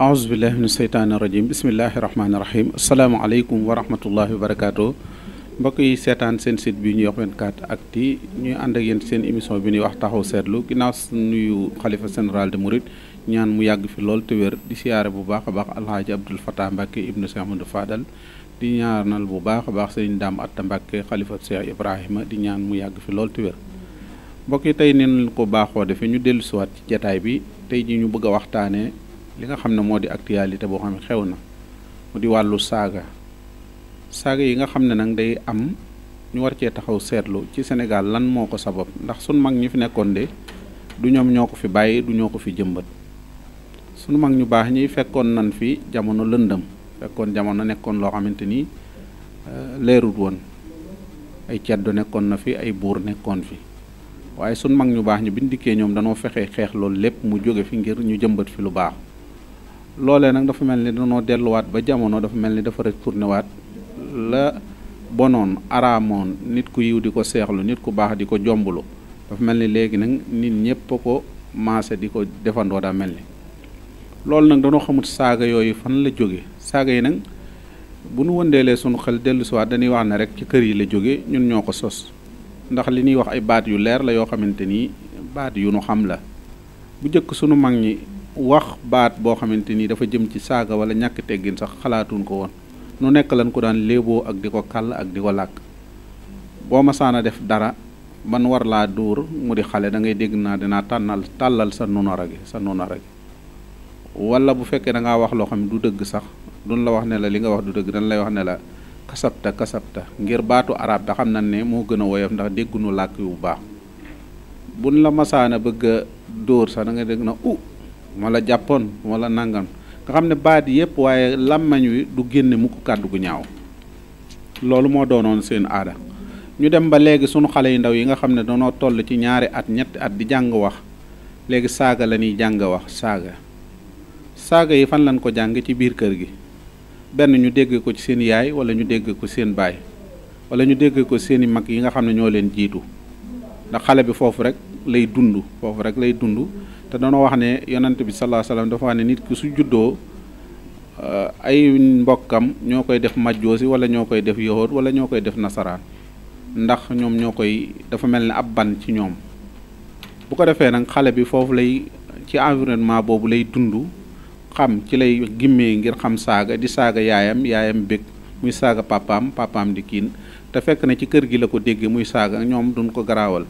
ahousubillah min asheytaani irajim bisimillahi rahmaanirahim asalaamaaleykum wa rahmatullahi wa barakaatu mbokk yi seetaan seen sit bi ñuy wax ak actu ñuy ànd ak yéen seen émission bi ñuy wax taxaw seetlu ginnaaw nuyu xalifa général de Mouride ñaan mu yàgg fi lool te wér di siyaare bu baax a baax alhaaji abdul fatah mbàkke ibnu cheikh amadou fadal di ñaanal bu baax a baax sëriñ daam atta mbàkke xalifa cheikh ibrahima di ñaan mu yàgg fi lool te wér mbokk yi tey neen ko baaxoo defee ñu dellusiwaat ci jataay bi tey ji ñu bëgg a waxtaanee li nga xam ne moo di actualité boo xam ne xew na mu di wàllu saaga saaga yi nga xam ne nag day am ñu war cee taxaw seetlu ci Sénégal lan moo ko sabab ndax sunu mag ñu fi nekkoon de du ñoom ñoo ko fi bàyyi du ñoo ko fi jëmbat sunu mag ñu baax ñi fekkoon nan fi jamono lëndëm fekkoon jamono nekkoon loo xamante ni euh, leerut woon ay ceddo nekkoon na fi ay buur nekkoon fi waaye sunu mag ñu baax ñi biñ dikkee ñoom danoo fexe xeex loolu lépp mu jóge fi ngir ñu jëmbat fi lu baax loolee nag dafa mel ni danoo delluwaat ba jamono dafa mel ni dafa retourné waat la bonoon araamoon nit ku yiw di ko seexlu nit ku baax di ko jombulu dafa mel ni léegi nag nit ñépp ko maase di ko defandoo daa mel ni loolu nag danoo xamut saaga yooyu fan la jóge saaga yi nag bu nu wëndeelee sunu xel dellu siwaat dañuy wax ne rek ci kër yi la jóge ñun ñoo ko sos ndax li ñuy wax ay baat yu leer la yoo xamante ni baat yu nu xam la bu njëkk sunu mag ñi wax baat boo xamante ni dafa jëm ci saaga wala ñàkk teggin sax xalaatuñ ko woon nu nekk lan ko daan léeboo ak di ko kàll ak di ko làkk boo masaan a def dara ban war laa dóor mu di xale da ngay dégg naa dinaa tànnal tàllal sa nunara gi sa nunara gi wala bu fekkee da wax loo xam ne du dëgg sax duñ la wax ne la li nga wax du dëgg dañ lay wax ne la kasabta kasabta ngir baatu araab da xam na ne moo gën a woyof ndax déggunu làkk bu baax buñ la masaana bëgg dóor sax da nga dégg na uh, ma la jàppoon wala nangam nga xam ne baat yëpp waaye làmmañ wi du génne mukk kàddu gu ñaaw loolu moo doonoon seen aada ñu dem ba léegi sunu xale yu ndaw yi nga xam ne danoo toll ci ñaari at ñetti at di jàng wax léegi saaga la ñuy jàng wax saaga saaga yi fan lañ ko jàng ci biir kër gi benn ñu dégge ko ci seen yaay wala ñu dégg ko seen baay wala ñu dégge ko seeni mag yi nga xam ne ñoo leen jiitu ndax xale bi foofu rek lay dund foofu rek lay dund te dañoo wax ne yonent bi sallallahu alayhi dafa wax ne nit ki su juddoo euh, ay mbokkam ñoo koy def majjoosi wala ñoo koy def yowoot wala ñoo koy def nasaraan ndax ñoom ñoo koy dafa mel ne ab ban ci ñoom bu ko defee nag xale bi foofu lay ci environnement boobu lay dund xam ci lay gimmee ngir xam saaga di saaga yaayam yaayam bég muy saaga papaam papaam di kiin te fekk na ci kër gi la ko déggee muy saaga ñoom duñ ko garaawal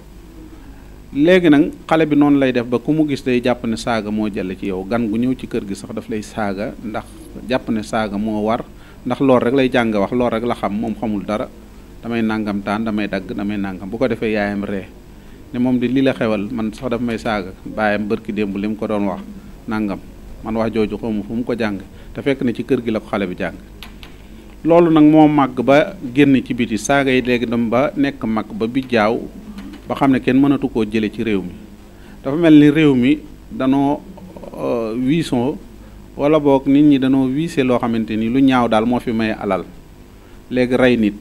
léegi nag xale bi noonu lay def ba ku mu gis day jàpp ne saaga moo jële ci yow gan gu ñëw ci kër gi sax dafa lay saaga ndax jàpp ne saaga moo war ndax loolu rek lay jàng wax loolu rek la xam moom xamul dara damay nangam taan damay dagg damay nàngam bu ko defee yaayam ree ne moom di lii la xewal man sax daf may saaga baayam bërki démb li mu ko doon wax nangam man wax jooju xawma fu mu ko jàng te fekk na ci kër gi la ko xale bi jàng loolu nag moo màgg ba génn ci biti saaga yi léegi dem ba nekk mag ba bi jaaw ba xam ne kenn mënatu koo jële ci réew mi dafa mel ni réew mi danoo euh, wiisoo wala boog nit ñi danoo wiise loo xamante ni lu ñaaw daal moo fi may alal léegi rey nit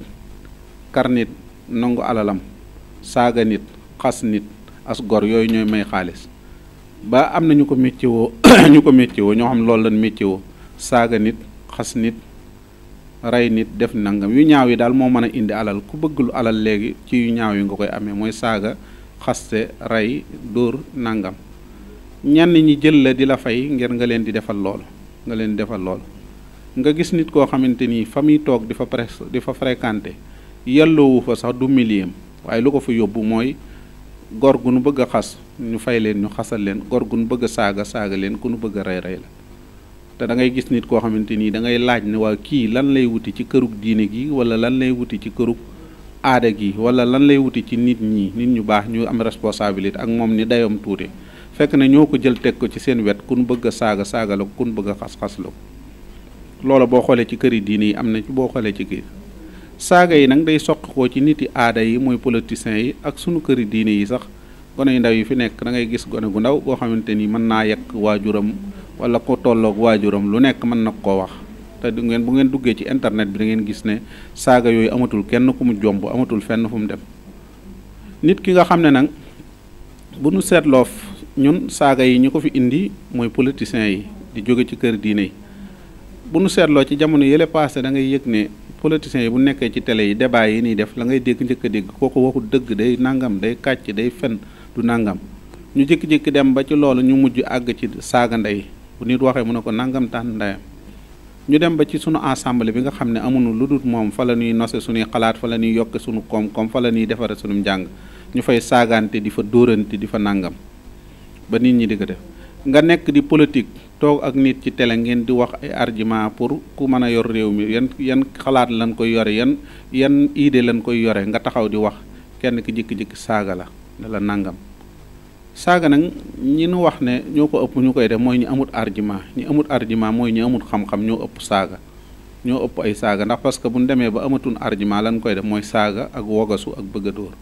kar nit nangu alalam saaga nit xas nit as gor yooyu ñooy may xaalis ba am na ñu ko métier ñu ko métier woo ñoo xam loolu lan métier saaga nit xas nit rey nit def nangam yu ñaaw yi daal moo mën a indi alal ku bëgg lu alal léegi ci yu ñaaw yi nga koy amee mooy saaga xaste rey dóor nangam ñenn ñi jël la di la fay ngir nga leen di defal lool nga leen defal loolu nga gis nit koo xamante ni fa muy toog di fa presse di fa fréquenté yelloowu fa sax du millième waaye lu ko fa yóbbu mooy gor gu nu bëgg xas ñu fay leen ñu xasal leen gor gu nu bëgg a saaga saaga leen ku nu bëgg rey rey la te da ngay gis nit koo xamante nii da ngay laaj ne waa kii lan lay wuti ci kërug diine gi wala lan lay wuti ci kërug aada gi wala lan lay wuti ci nit ñi nit ñu baax ñu am responsabilité ak moom ni dayam tuute fekk na ñoo ko jël teg ko ci seen wet kun bëgg a saaga saaga la kun bëgg a xas-xas la loola boo xoolee ci këri diine yi am na ci boo xoolee ci kii saaga yi nag day soq koo ci nit aada yi mooy politiciens yi ak sunu këri diine yi sax gone yu ndaw yi fi nekk da gis gone gu ndaw goo xamante ni mën naa yekk waajuram wala ko tolloog waajuram lu nekk mën na koo wax te du ngeen bu ngeen duggee ci internet bi dangeen gis ne saaga yooyu amatul kenn ku mu jomb amatul fenn fu mu dem nit ki nga xam ne nag bu nu seetloof ñun saaga yi ñu ko fi indi mooy politiciens yi di jóge ci kër diine yi bu nu seetloo ci jamono yële passé da ngay yëg ne politiciens yi bu nekkee ci télé yi débat yi nii def la ngay dégg njëkk a dégg kooku waxu dëgg day nangam day kàcc day fen du nangam ñu jékki dem ba ci loolu ñu mujj àgg ci saaga ndey bu nit waxee mu ne ko nangam taan ndeyam ñu dem ba ci sunu assemblée bi nga xam ne amuñu lu dul moom fa la ñuy nose suñuy xalaat fa la ñuy yokke suñu koom-koom fa la ñuy defare suñu njàng ñu fay saagaante di fa dóorante di fa nangam ba nit ñi di ko def nga nekk di politique toog ak nit ci télé ngeen di wax ay argument pour ku mën a yor réew mi yan yan xalaat lañ koy yore yan yan idée lañ koy yore nga taxaw di wax kenn ki jikki-jikki saaga la ne la nangam saaga nag ñi nu wax ne ñoo ko ëpp ñu koy def mooy ñu amut argument ñi amut argument mooy ñu amut xam-xam ñoo ëpp saaga ñoo ëpp ay saaga ndax parce que bu ñu demee ba amatun argument lan koy def mooy saaga ak wogasu ak bëgg dóor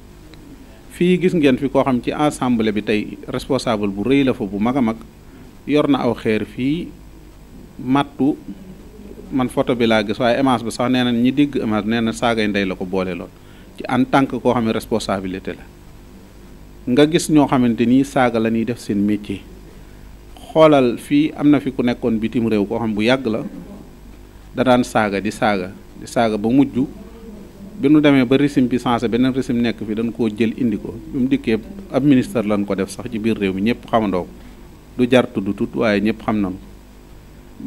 fii gis ngeen fi koo xam ci assemblée bi tey responsable bu rëy la fa bu mag a mag yor na aw xeer fii mattu man photo bi laa gis waaye image ba sax nee na ñi digg image nee na saagay ndey la ko boole lool ci en tant koo xam ne responsabilité la nga gis ñoo xamante ni saaga la ñuy def seen métier xoolal fii am na fi ku nekkoon bitim réew koo xam bu yàgg la da daan saaga di saaga di saaga ba mujj bi nu demee ba régime bi changé beneen régime nekk fii dañ koo jël indi ko bi mu dikkee ab ministre lañ ko def sax ci biir réew mi ñëpp xamandoo ko du jar tudd tut waaye ñëpp xam nañu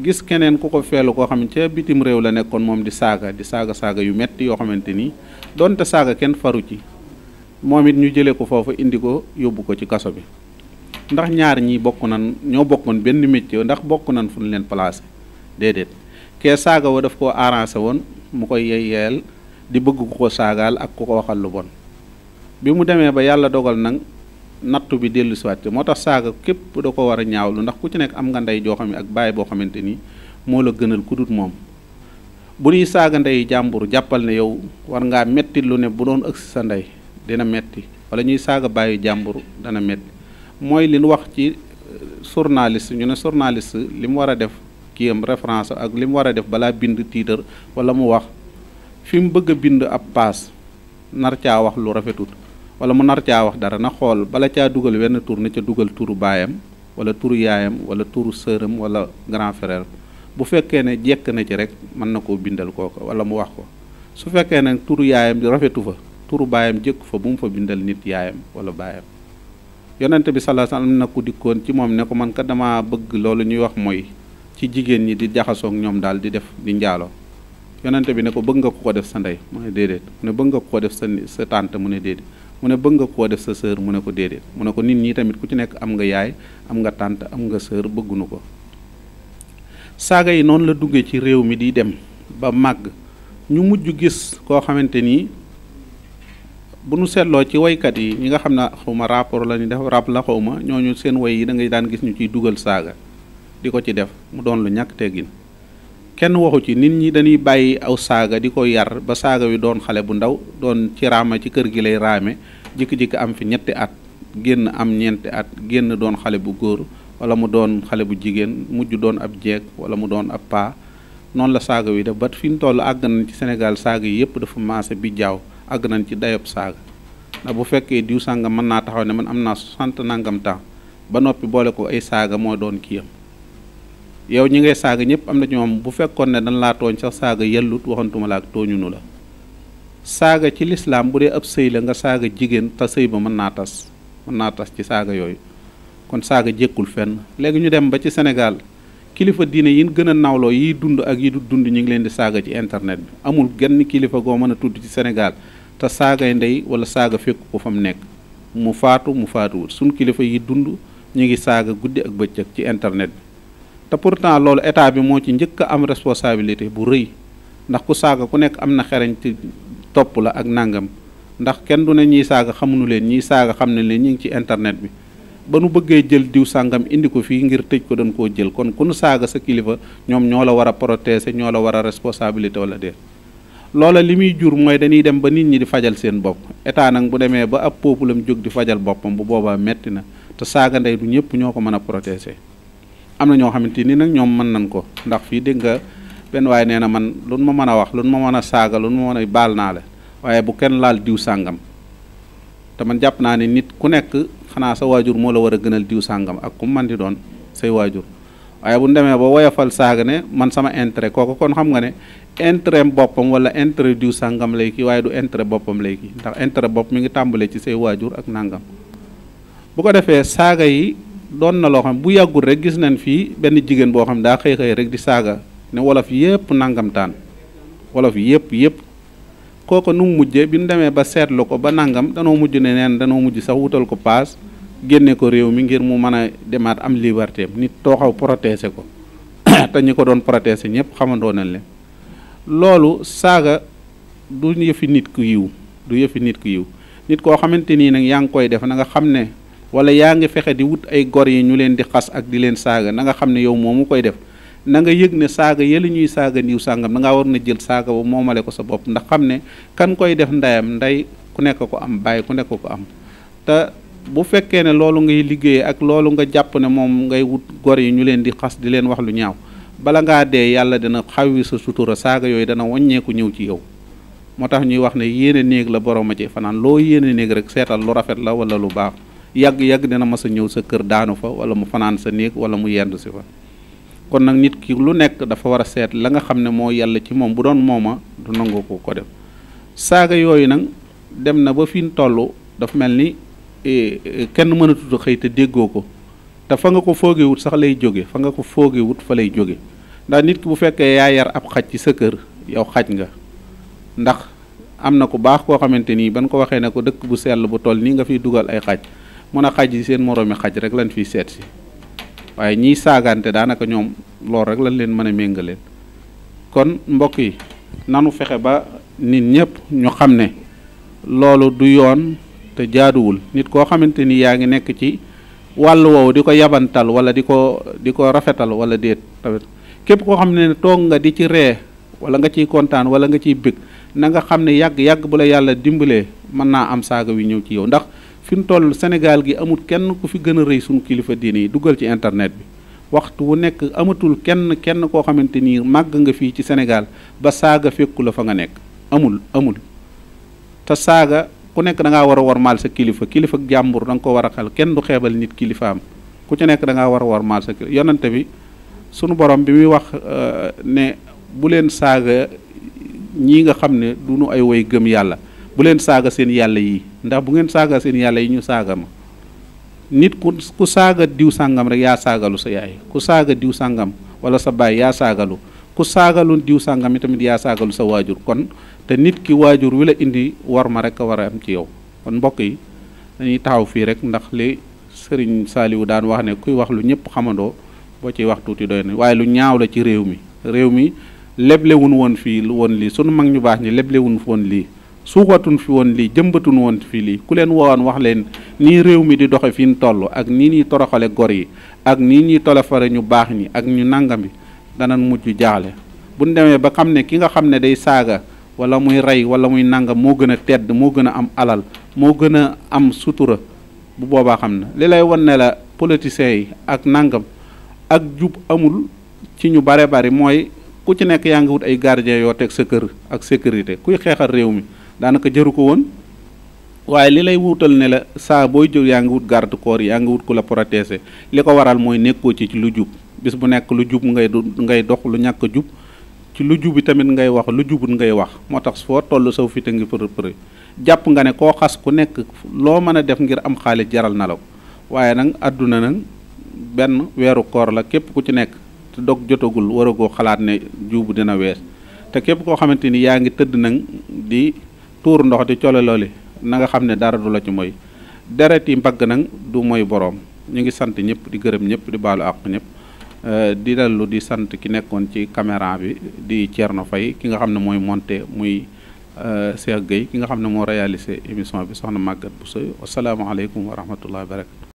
gis keneen ku ko feelu koo xam ca bitim réew la nekkoon moom di saaga di saaga saaga yu metti yoo xamante ni donte saaga kenn faru ci moom it ñu jëlee ko foofu indi ko yóbbu ko ci kaso bi ndax ñaar ñi bokk nan ñoo bokkoon benn métier ndax bokk nan fu ñu leen placé déedéet kee saaga wa daf koo arrangé woon mu koy yeyeel di bëgg ku ko saagaal ak ku ko waxal lu bon bi mu demee ba yàlla dogal nag nattu bi dellu si moo tax saaga képp da ko war a ñaawlu ndax ku ci nekk am nga ndey joo xam ne ak baay boo xamante ni moo la gënal kudut moom bu ñuy saaga ndey jàmbur jàppal na yow war ngaa metti ne bu doon ëgsi sa ndey dina metti wala ñuy saaga bàyyi jàmbur dana metti mooy li wax ci euh, journaliste ñu ne journaliste li mu war a def kiyam référence ak li mu war a def balaa bind tiitar wala mu wax fi mu bëgg bind ab paas nar caa wax lu rafetut wala mu nar caa wax dara na xool bala caa dugal wenn tur na ca dugal turu baayam wala turu yaayam wala turu sëram wala grand frère bu fekkee ne jekk na ci rek mën na koo bindal kooka wala mu wax ko su fekkee ne turu yaayam rafetu fa turu baayam jëkk fa bu mu fa bindal nit yaayam wala baayam yonente bi sallallahu alayhi wasallam na ku dikkoon ci moom ne ko man ka dama bëgg loolu ñuy wax mooy ci jigéen ñi di jaxasook ñoom daal di def di njaaloo yonent bi ne ko bëgg nga ku ko def sa ndey mu ne déedéet mu ne bëgg nga ko def sa sa tante mu ne déedéet mu ne bëgg nga koo def sa sœur mu ne ko déedéet mu ne ko nit ñi tamit ku ci nekk am nga yaay am nga tante am nga sœur bëggunu ko saaga yi noonu la dugge ci réew mi di dem ba màgg ñu mujj gis koo xamante bu nu seetloo ci woykat yi ñi nga xam ne xawma rapport la ñu def rap la xawma ñu seen woy yi dangay daan gis ñu ciy dugal saaga di ko ci def mu doon lu ñàkk teggin kenn waxu ci nit ñi dañuy bàyyi aw saaga di ko yar ba saaga wi doon xale bu ndaw doon ci raama ci kër gi lay raame jikki-jikki am fi ñetti at génn am ñeenti at génn doon xale bu góor wala mu doon xale bu jigéen mujj doon ab jeeg wala mu doon ab paa noonu la saaga wi def ba fi ñu toll àgg Sénégal saaga yi yëpp dafa maase bi jaaw àgg nañ ci dayob saaga ndax bu fekkee diw sàngam mën naa taxaw ne man am naa sant nangam temps ba noppi boole ko ay saaga moo doon kiyam yow ñi ngay saaga ñëpp am na ci moom bu fekkoon ne dañ laa tooñ sax saaga yellut waxantuma la ak tooñunu la saaga ci lislaam bu dee ab sëy la nga saaga jigéen te sëy ba mën naa tas mën naa tas ci saaga yooyu kon saaga jékkul fenn léegi ñu dem ba ci Sénégal kilifa diine yi gën a nawloo yiy dund ak yi du dund ñu ngi leen di saaga ci internet bi amul genn kilifa goo mën a tudd ci Sénégal te saagay ndey wala saaga fekk ko fa mu nekk mu faatu mu faatuwut suñ kilifa yi dund ñu ngi saaga guddi ak bëccëg ci internet bi te pourtant loolu état bi moo ci njëkk a am responsabilité bu rëy ndax ku saaga ku nekk am na xereñ topp la ak nangam ndax kenn du ne ñiy saaga xamuñu leen ñiy saaga xam ne leen ñu ngi ci internet bi ba nu bëggee jël diw sàngam indi ko fii ngir tëj ko dañ koo jël kon ku nu saaga sa kilifa ñoom ñoo la war a protéger ñoo la war a responsabilité wala déet loola li muy jur mooy dañuy dem ba nit ñi di fajal seen bopp état nag bu demee ba ab peuple jóg di fajal boppam bu boobaa metti na te saaga ndey du ñëpp ñoo ko mën a protéger am na ñoo xamante ni nag ñoom mën nañ ko ndax fii dégg nga benn waaye nee na man luñ ma mën a wax luñ ma mën a saaga luñ ma mën a baal naa la waaye bu kenn laal diw sàngam te man jàpp naa ne nit ku nekk xanaa sa waajur moo la war a gënal diw sàngam ak ku man di doon say waajur waaye bu demee ba woyofal saaga ne man sama intérêt kooku kon xam nga ne intérêt boppam wala intérêt diw sàngam lay kii waaye du intérêt boppam lay kii ndax intérêt bopp mi ngi tàmbalee ci say waajur ak nàngam bu ko defee saaga yi doon na loo xam bu yàggul rek gis nañ fii benn jigéen boo xam daa xëy xëy rek di saaga ne wolof yépp nàngam taan wolof yépp yépp kooku nu mu mujjee bi nu demee ba seetlu ko ba nàngam danoo mujj ne neen danoo mujj sax wutal ko paas génne ko réew mi ngir mu mën a demaat am liberté nit tooxaw protéger ko te ñu ko doon protéger ñëpp xamandoo nañ leen loolu saaga du yëfi nit ku yiw du yëfi nit ku yiw nit koo xamante nii nag yaa ngi koy def na nga xam ne wala yaa ngi fexe di wut ay gor yi ñu leen di xas ak di leen saaga na nga xam ne yow moomu koy def na nga yëg ne saaga yële ñuy saaga niw sàngam da ngaa war na jël saaga ba moomale ko sa bopp ndax xam ne kan koy def ndayam nday ku nekk ko am bàyyi ku nekk ko am bu fekkee ne loolu ngay liggéey ak loolu nga jàpp ne moom ngay wut gor yi ñu leen di xas di leen wax lu ñaaw bala ngaa dee yàlla dana xawwi sa sutura saaga yooyu dana wàññeeku ñëw ci yow moo tax ñuy wax ne yéene néeg la borom a ci fanaan loo yéene néeg seetal lu rafet la wala lu baax yàgg-yàgg dina mas a ñëw sa kër daanu fa wala mu fanaan sa néeg wala mu yendu si kon nag nit ki lu nekk dafa war a seet la nga xam ne moo yàlla ci moom bu doon mooma du nangu ko ko dem na ba fi mu dafa mel ni E, e, kenn mënatut a xëy te déggoo ko te fa nga ko foogewut sax lay jóge fa nga ko foogewut fa lay jóge ndax nit ki bu fekkee yaa yar ab xaj ci sa kër yow xaj nga ndax am na ko baax koo xamante nii ban ko waxee ne ko dëkk bu sell bu toll nii nga fiy dugal ay xaj mun a xaj seen moroomi xaj rek lañ fiy seet si waaye ñiy saagante daanaka ñoom loolu rek lañ leen mën a méngaleen kon mbokk yi nanu fexe ba nit ñëpp ñu xam ne loolu du yoon te jaaduwul nit koo xamante ni yaa ngi nekk ci wàll woowu di ko yabantal wala di ko di ko rafetal wala déet tamit képp koo xam ne toog nga di ci ree wala nga ciy kontaan wala nga ciy bëgg na nga xam ne yàgg yàgg bu la yàlla dimbalee mën naa am saaga wi ñëw ci yow ndax fi mu toll Sénégal gi amul kenn ku fi gën a rëy suñu kilifa diine yi dugal ci internet bi waxtu wu nekk amatul kenn kenn koo xamante ni màgg nga fii ci Sénégal ba saaga fekkula fa nga nekk amul amul ku nekk da ngaa war a wormaal sa kilifa kilifa jàmbur danga ko war a xel kenn du xeebal nit kilifaam ku ci nekk da war a wormaal sa kilifa yonante bi sunu borom bi muy wax euh, ne buleen saaga ñi nga xam ne du nu ay woy gëm yàlla bu leen saaga seen yàlla yi ndax bu ngeen saaga seen yàlla yi ñu saaga ma nit ku ku saaga diw sàngam rek yaa saagalu sa yaay ku saaga diw sàngam wala sa baay yaa saagalu ku saagaloon diw sàngam yi tamit yaa saagalu sa waajur kon te nit ki waajur wi la indi war ma rek a war a am ci yow kon mbokk yi dañuy taxaw fii rek ndax li sëriñ Saaliwu daan wax ne kuy wax lu ñëpp xamandoo boo ci wax tuuti doy na waaye lu ñaaw la ci réew mi réew mi leblewun woon fii woon lii sunu mag ñu baax ñi leblewun fi woon lii suuxatun fi woon lii jëmbatun woon fii lii ku leen woowoon wax leen nii réew mi di doxe fi ñu toll ak nii ñuy toroxale gor yi ak nii ñuy tolofare ñu baax ñi ak ñu nàngam bi dana mujj jaale bu ñu demee ba xam ne ki nga xam ne day saaga wala muy rey wala muy nangam moo gën a tedd moo gën a am alal moo gën a am sutura bu boobaa xam na li lay wan ne la politiciens yi ak nangam ak jub amul ci ñu bare bari mooy ku ci nekk yaa ngi wut ay gardien yoo teg sa kër ak sécurité kuy xeexal réew mi daanaka jëru ko woon waaye li lay wuutal ne la saa booy jóg yaa ngi wut garde corps yaa ngi wut ku la protéger li ko waral mooy nekkoo ci lu jub bis bu nekk lu jub ngay ngay dox lu ñàkk jub ci lu jubi tamit ngay wax lu jubut ngay wax moo tax foo toll saw fite ngi për për jàpp nga ne koo xas ku nekk loo mën a def ngir am xaalis jaral na la ko waaye nag àdduna nag benn weeru koor la képp ku ci nekk te dog jotagul waragoo xalaat ne jubu dina wees te képp koo xamante ni yaa ngi tëdd nag di tuur ndox di colo looli na nga xam ne dara du la ci moy deret yi mbagg nag du mooy boroom ñu ngi sant ñëpp di gërëm di baalu àq ñëpp Euh, di dellu di sant ki nekkoon ci caméra bi di Thierno Faye ki nga xam ne mooy monté muy euh, Cheikh Gueye ki nga xam ne moo réalisé émission bi soxna Maguette Bousso asalaamaaleykum wa rahmatullahi wa barakatu